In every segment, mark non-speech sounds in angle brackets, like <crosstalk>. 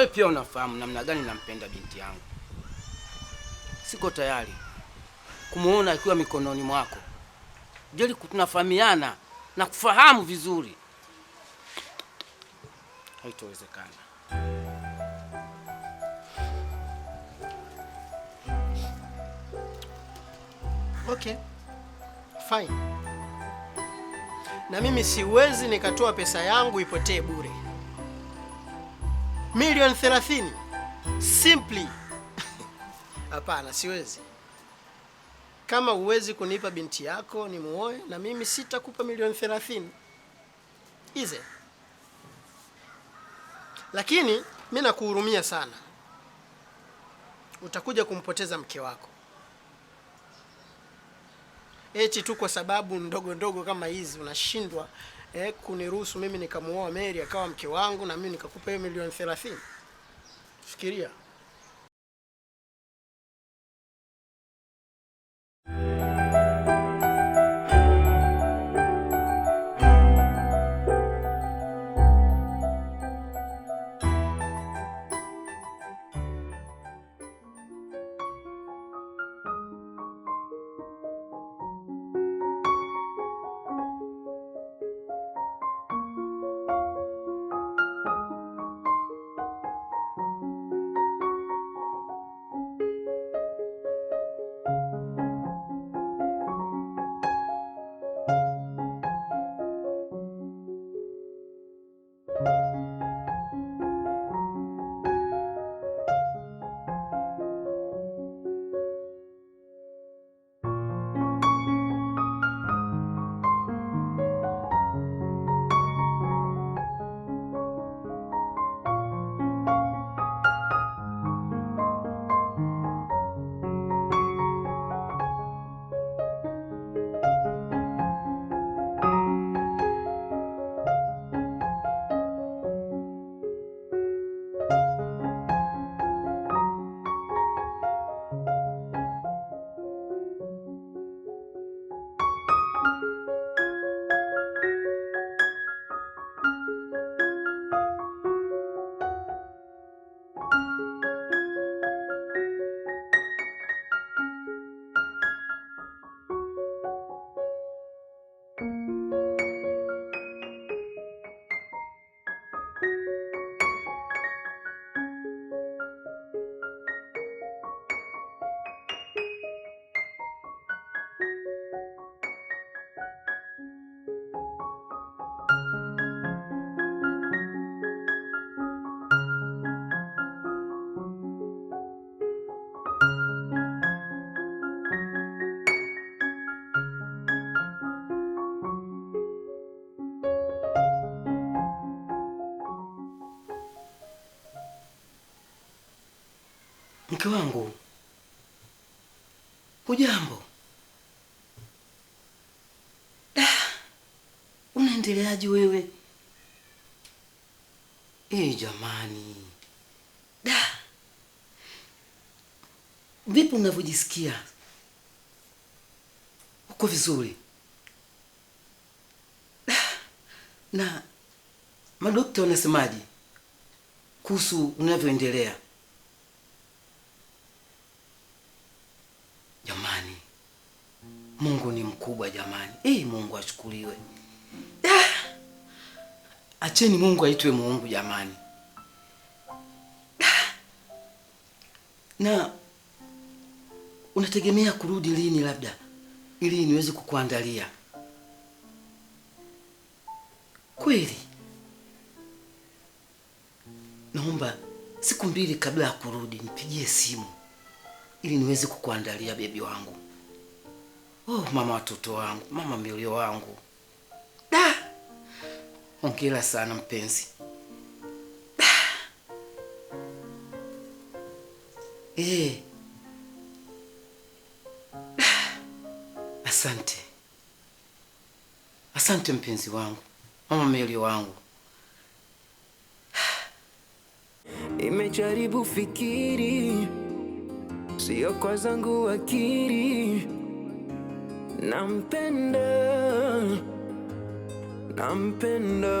wewe pia unafahamu namna gani nampenda binti yangu. Siko tayari kumuona akiwa mikononi mwako. Jeli, tunafahamiana na kufahamu vizuri, haitowezekana. Okay, fine. Na mimi siwezi nikatoa pesa yangu ipotee bure milioni 30 simply. <laughs> Hapana, siwezi. Kama huwezi kunipa binti yako ni muoe, na mimi sitakupa milioni 30 ize. Lakini mimi nakuhurumia sana, utakuja kumpoteza mke wako eti tu kwa sababu ndogo ndogo kama hizi unashindwa eh, kuniruhusu mimi nikamuoa Mary akawa mke wangu na mimi nikakupa hiyo milioni 30. Fikiria. Mke wangu, hujambo? Da, ah, unaendeleaje wewe? Eh, jamani, da, vipi unavyojisikia? Uko vizuri? Da, na madokta wanasemaje kuhusu unavyoendelea? Mungu ni mkubwa jamani. Eh, Mungu ashukuriwe. acheni Mungu aitwe Mungu jamani. na unategemea kurudi lini labda ili niweze kukuandalia kweli? Naomba siku mbili kabla ya kurudi nipigie simu ili niweze kukuandalia bebi wangu. Oh, mama watoto wangu, mama milio wangu, da, hongera sana mpenzi. Da. E. Da. Asante, asante mpenzi wangu, mama milio wangu. Imejaribu fikiri, sio kwa zangu akili nampenda, nampenda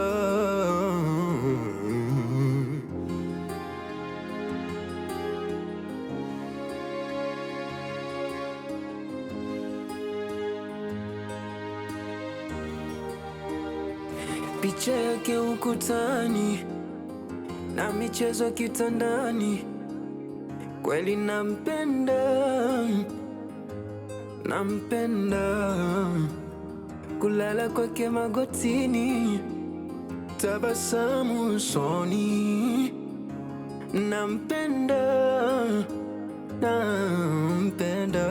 picha yake ukutani na michezo kitandani, kweli nampenda nampenda, kulala kwake magotini, tabasamu usoni, nampenda, nampenda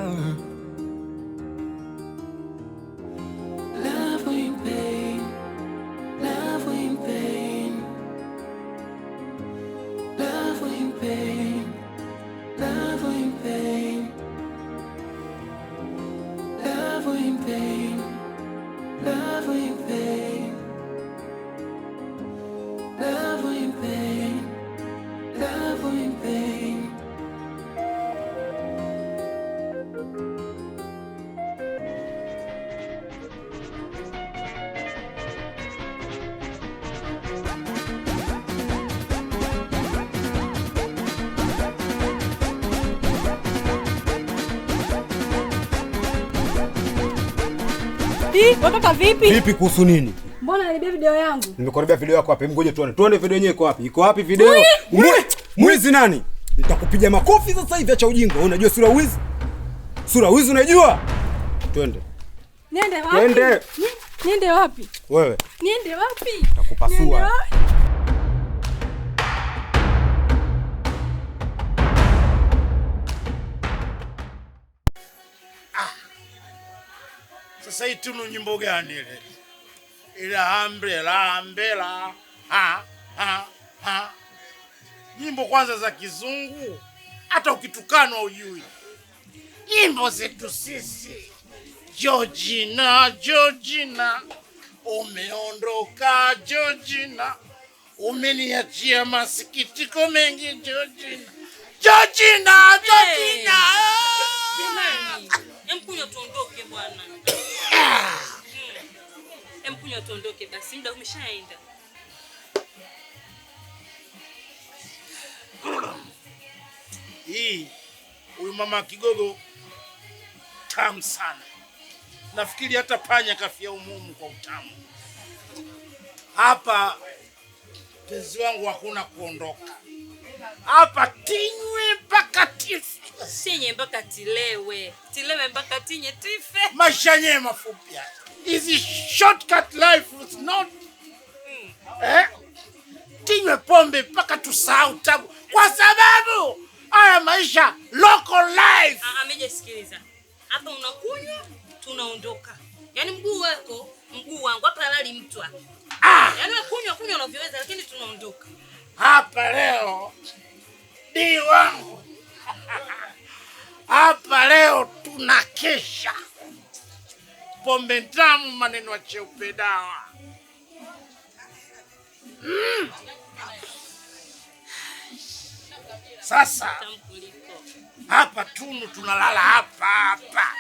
Wataka vipi? Vipi kuhusu nini? Mbona nalibia video yangu? Nimekuharibia video yako wapi? Ngoja tuone. Tuone video yenyewe iko wapi? Iko wapi video? Mwizi nani? Nitakupiga makofi sasa hivi, acha ujinga. unajua sura wizi? Sura wizi unajua? Twende. Niende wapi? Twende. Niende wapi? Wewe. Niende wapi? Nitakupasua. Sasa hii tunu nyimbo gani ile? Ile hambre la ambela ha ha ha. Nyimbo kwanza za kizungu hata ukitukanwa ujui. Nyimbo zetu sisi. Georgina, Georgina, umeondoka Georgina, umeniachia masikitiko mengi Georgina. Georgina, Georgina. Hey. Hey. Hey. Hey. Hey. bwana. Mkunywa tuondoke basi, muda umeshaenda. Hii huyu mama kigogo tamu sana, nafikiri hata panya kafia umumu kwa utamu hapa. tezi wangu, hakuna kuondoka hapa, tinywe mpaka tife, sinye mpaka tilewe, tilewe mpaka tinye tife, maisha yenyewe mafupi haya is a shortcut life it's not eh? Tinywe pombe mpaka tusahau tabu, kwa sababu haya maisha local life. Ah, ameje, ah, sikiliza hapa, unakunywa tunaondoka, yaani mguu wako mguu wangu hapa, halali mtu hapa ah. Yaani kunywa kunywa unavyoweza, lakini tunaondoka hapa leo di wangu <laughs> hapa leo tunakesha pombe tamu, maneno cheupe dawa. Mm. Sasa hapa Tunu tunalala hapa hapa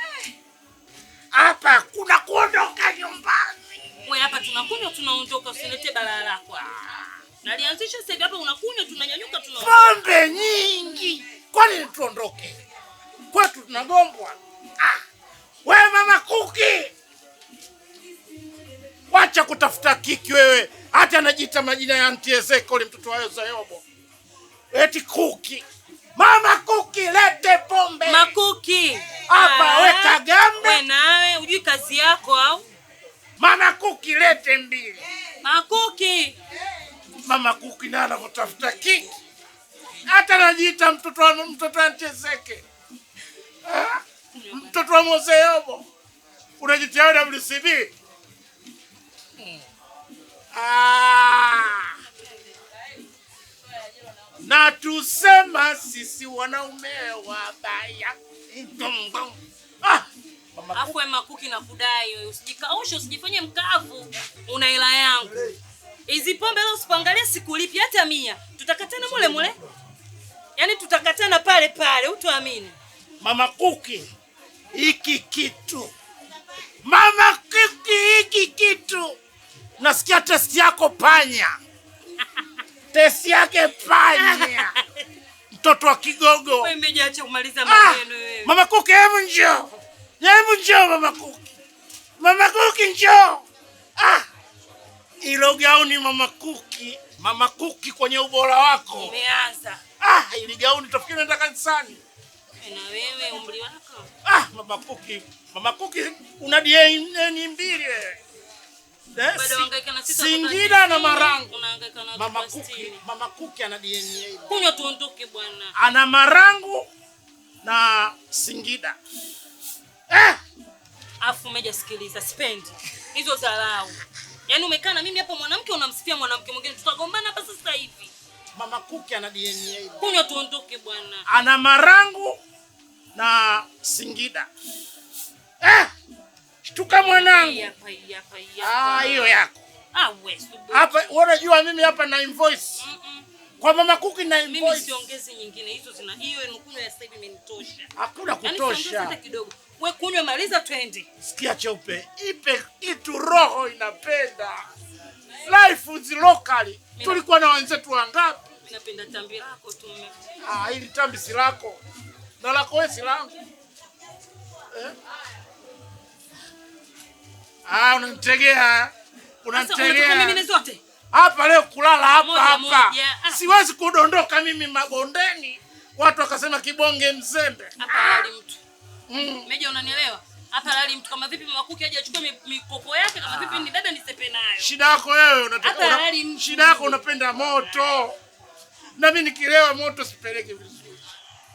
hapa, hakuna kuondoka nyumbani. Wewe hapa tunakunywa tunaondoka, usinete balaa lako nalianzisha sasa Hapa unakunywa tunanyanyuka, tuna pombe nyingi, kwani tuondoke kwetu? Tunagombwa. Ah, wewe mama Kuki Wacha kutafuta kiki wewe, hata anajiita majina ya mtiezeko ule mtoto wa Yobo. Eti kuki mama kuki, lete pombe makuki hapa, weka gambe. Wewe nawe ujui kazi yako au? Mama kuki lete mbili makuki, mama kuki na anavyotafuta kiki, hata anajiita mtoto wa mtoto wa mtiezeke ah, mtoto wa Mose Yobo, unajitia wewe WCB Ah! na tusema sisi wanaume wabaya. Ah! afwe makuki na kudai, usijikaushe, usijifanye mkavu, una hela yangu hizi pombe leo, usipoangalia sikulipi hata mia, tutakatana mule mule, yaani tutakatana pale pale, utuamini Mama Kuki, hiki kitu Mama Kuki, hiki kitu nasikia test yako panya test yake panya mtoto wa kigogo. wewe. kumaliza ah, maneno Ah, mama Kuki, hebu njoo, hebu njoo mama Kuki, mama Kuki njoo. Ah, ilo gauni mama Kuki, mama Kuki kwenye ubora wako umeanza. Ah, ili gauni tafikiri naenda kanisani eh, na wewe umri wako. Ah, mama Kuki, mama Kuki una DNA mbili wewe Eh, Singida na Marangu. Mama Kuki, Mama Kuki ana DNA. Kunywa tuondoke bwana. Ana Marangu na Singida. Eh! Afu meja, sikiliza, sipendi hizo dharau. Yaani umekaa na mimi hapo mwanamke unamsifia mwanamke mwingine, tutagombana hapa sasa hivi. Mama Kuki ana DNA. Kunywa tuondoke bwana. Ana Marangu na Singida. Eh! Shtuka mwanangu. Ah, hiyo yako. Ah, wewe. Hapa wewe unajua mimi hapa na invoice. Mm -mm. Kwa mama Kuki na invoice. Mimi siongezi nyingine hizo zina hiyo nikunywa ya sasa hivi imenitosha. Hakuna yaani kutosha. Hata kidogo. Wewe kunywa maliza twende. Sikia cheupe. Ipe itu roho inapenda. Life is local. Tulikuwa na wenzetu wangapi? Mimi napenda tambi lako tu. Ah, hili tambi si lako. Na lako wewe si langu. Eh? Ah, unanitegea. Unanitegea. Mimi ni zote. Hapa leo kulala hapa hapa. Ah. Siwezi kudondoka mimi mabondeni. Watu wakasema kibonge mzembe. Hapa lali mtu. Ah. Mm. Meja unanielewa? Hapa lali mtu kama vipi mama aje achukue mikopo yake kama vipi ah. ni dada nisepe nayo. Shida yako wewe unataka. Shida yako unapenda moto. Na mimi nikilewa moto sipeleke vizuri.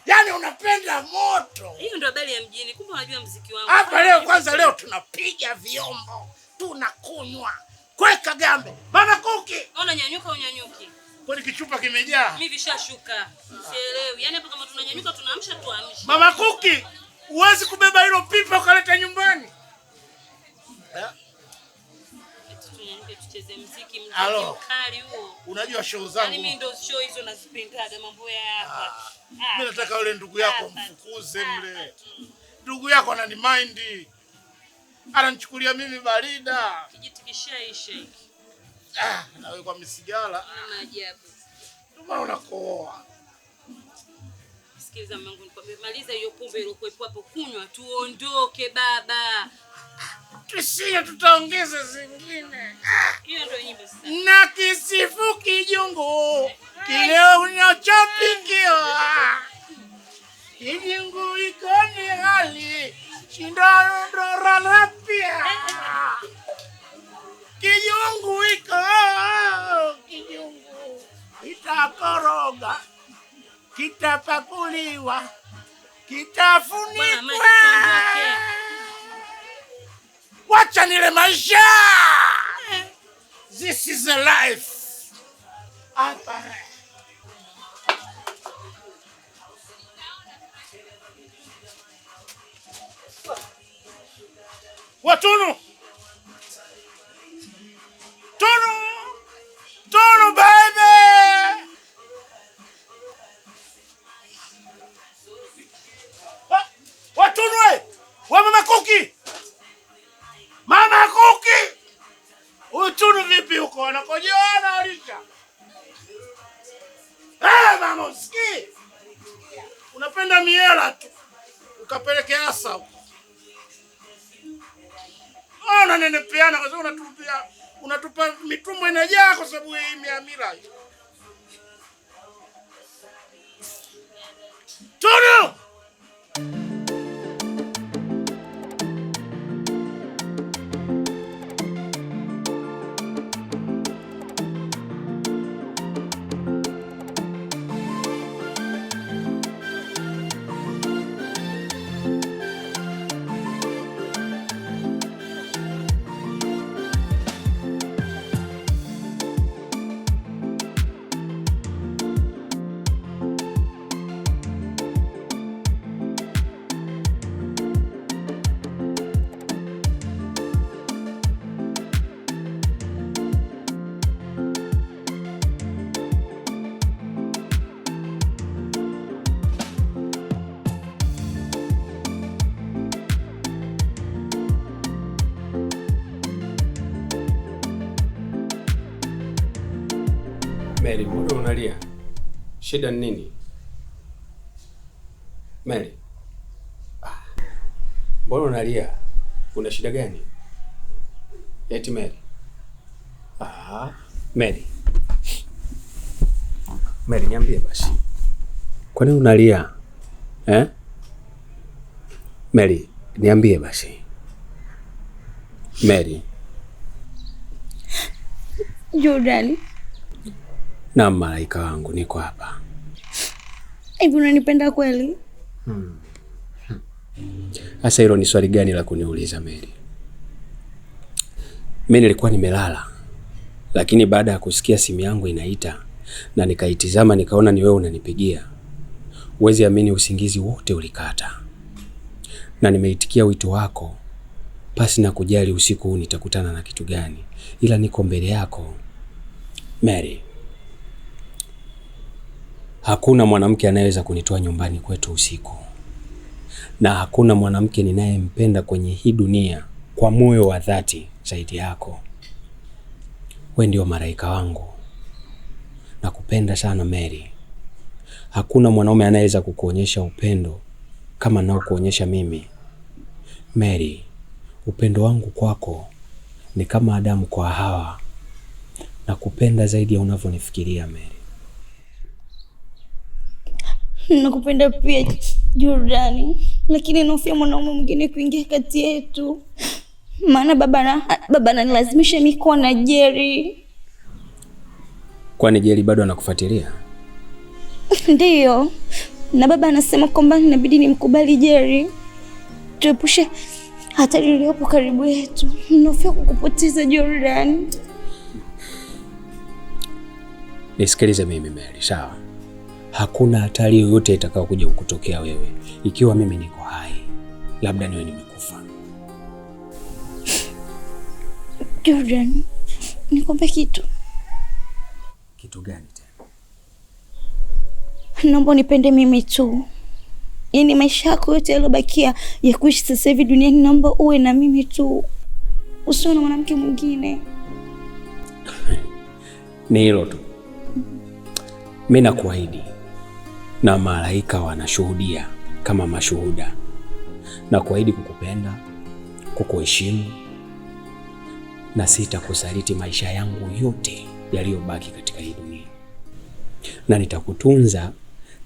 Yaani unapenda moto. Hiyo ndio habari ya mjini. Kumbe unajua mziki wangu. Hapa leo kwanza leo tunapiga vyombo, tunakunywa. Kweka gambe. Mama Kuki. Ona nyanyuka unyanyuki. Kwani kichupa kimejaa? Mimi vishashuka. Sielewi. Yaani hapa kama tunanyanyuka tunaamsha tuamshe. Mama Kuki, huwezi kubeba hilo pipa ukaleta nyumbani. Eh? twende tucheze muziki mkali huo. Unajua show yaani zangu. Yaani mimi ndio show hizo nazipendaga mambo ya hapa. Ah, ah. Mimi nataka yule ndugu yako mfukuze mle. Ndugu yako anani mind. Ananichukulia mimi barida. Kijiti kishaisha hiki. Ah, na wewe kwa misigala. Na maajabu. Ndio unakooa. Sikiliza mwanangu, nikwambie maliza hiyo pombe iliyokuwa hapo kunywa tuondoke baba. Kishia tutaongeza zingine na kisifu kijungu kile unachopikiwa kijungu ni hali shindororalapia kijungu iko kijungu kitakoroga kitapakuliwa kitafunikwa nile maisha. This is a life. Hapa watunu Mary, mbona unalia? Shida ni nini? Mary. Mbona unalia? Una shida gani? Eti Mary. Ah, Mary. Mary, niambie basi. Kwa nini unalia? Eh? Mary, niambie basi. Mary. Jordan na malaika wangu, niko hapa hivi. Unanipenda kweli? Hmm. Sasa hilo ni swali gani la kuniuliza Meli? mi nilikuwa nimelala, lakini baada ya kusikia simu yangu inaita na nikaitizama, nikaona ni wewe unanipigia. Huwezi amini, usingizi wote ulikata na nimeitikia wito wako pasi na kujali usiku huu nitakutana na kitu gani, ila niko mbele yako Mary. Hakuna mwanamke anayeweza kunitoa nyumbani kwetu usiku, na hakuna mwanamke ninayempenda kwenye hii dunia kwa moyo wa dhati zaidi yako. We ndio maraika wangu, nakupenda sana Mary. Hakuna mwanaume anayeweza kukuonyesha upendo kama naokuonyesha mimi Mary. Upendo wangu kwako ni kama Adamu kwa Hawa. Nakupenda zaidi ya unavyonifikiria Mary nakupenda pia Jordani, lakini naofia mwanaume mwingine kuingia kati yetu, maana baba ananilazimisha mimi kuwa na Jerry. Kwani Jerry bado anakufuatilia? Ndiyo, na baba anasema kwamba inabidi nimkubali Jerry, tuepushe hatari iliyopo karibu yetu. naofia kukupoteza Jordani. Nisikilize mimi Mary, sawa? hakuna hatari yoyote itakayokuja kukutokea wewe, ikiwa mimi niko hai, labda niwe nimekufa. Jordan, nikombe kitu. Kitu gani tena? Naomba nipende mimi tu, yaani maisha yako yote yaliyobakia ya kuishi sasa hivi duniani, naomba uwe na mimi tu, usio na mwanamke mwingine. <laughs> Ni hilo tu, mi nakuahidi na malaika wanashuhudia kama mashuhuda, na kuahidi kukupenda, kukuheshimu na sitakusaliti maisha yangu yote yaliyobaki katika hii dunia, na nitakutunza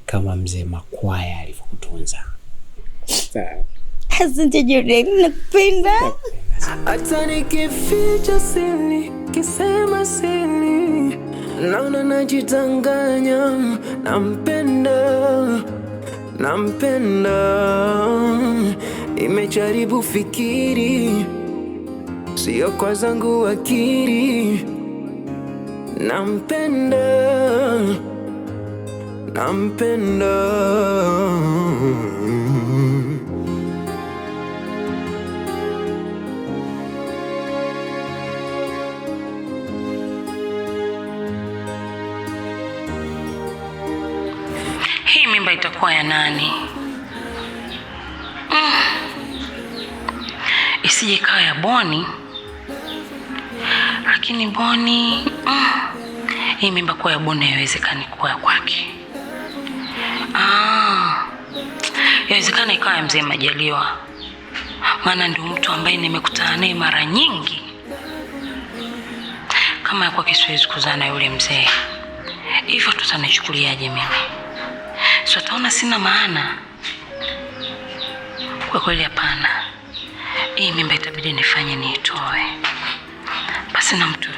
kama mzee Makwaya alivyokutunza. Asante Jordan, nakupenda. Hata nikificha kisema naona najitanganya, nampenda, nampenda, imejaribu fikiri, sio kwa zangu akili, nampenda, nampenda yalikuwa ya nani? Mm. Isije ikawa ya Boni, lakini Boni mm. Hii mimba kuwa ya Boni haiwezekani kuwa ya kwake. Ah, yawezekana ikawa ya mzee Majaliwa, maana ndio mtu ambaye nimekutana naye mara nyingi. Kama ya kwake siwezi kuzaa na yule mzee, hivyo tutanichukuliaje mimi? si wataona sina maana. Kwa kweli, hapana, hii mimba itabidi nifanye niitoe, basi na mtu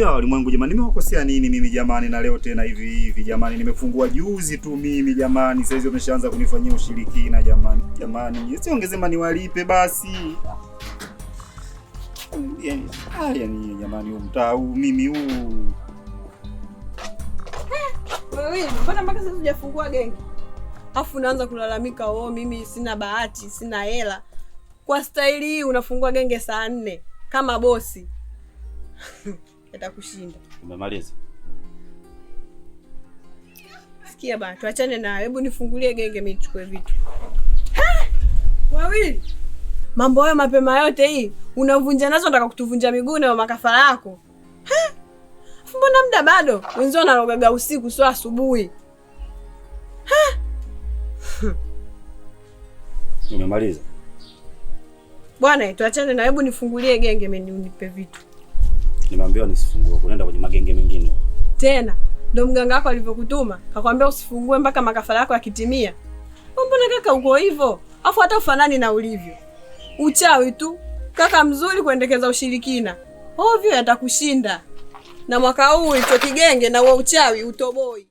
ya walimwengu jamani, nimewakosea nini mimi jamani? Na leo tena hivi hivi jamani, nimefungua juzi tu mimi jamani, sasa hizo wameshaanza kunifanyia ushirikina jamani. Jamani, siongezema niwalipe basi. Yani, ah, yani jamani, huu mtaa huu mimi huu. Eh, wewe, mbona mpaka sasa hujafungua genge? Afu unaanza kulalamika, oh, mimi sina bahati, sina hela. Kwa staili hii unafungua genge saa nne kama bosi <laughs> atakushinda. Umemaliza? Sikia bana, tuachane na hebu nifungulie genge mimi nichukue vitu. Wawili. Mambo hayo mapema yote hii unavunja nazo nataka kutuvunja miguu na makafara yako. Mbona muda bado? Wenzao wanalogaga usiku sio asubuhi. Umemaliza? Bwana, tuachane na hebu nifungulie genge mimi nipe vitu. Nimeambiwa nisifungue, kunaenda kwenye magenge mengine. Tena ndo mganga wako alivyokutuma, kakwambia usifungue mpaka makafara yako yakitimia. Mbona kaka uko hivyo? Afu hata ufanani na ulivyo. Uchawi tu kaka, mzuri kuendekeza ushirikina, ovyo yatakushinda. Na mwaka huu icho kigenge na uo uchawi utoboi.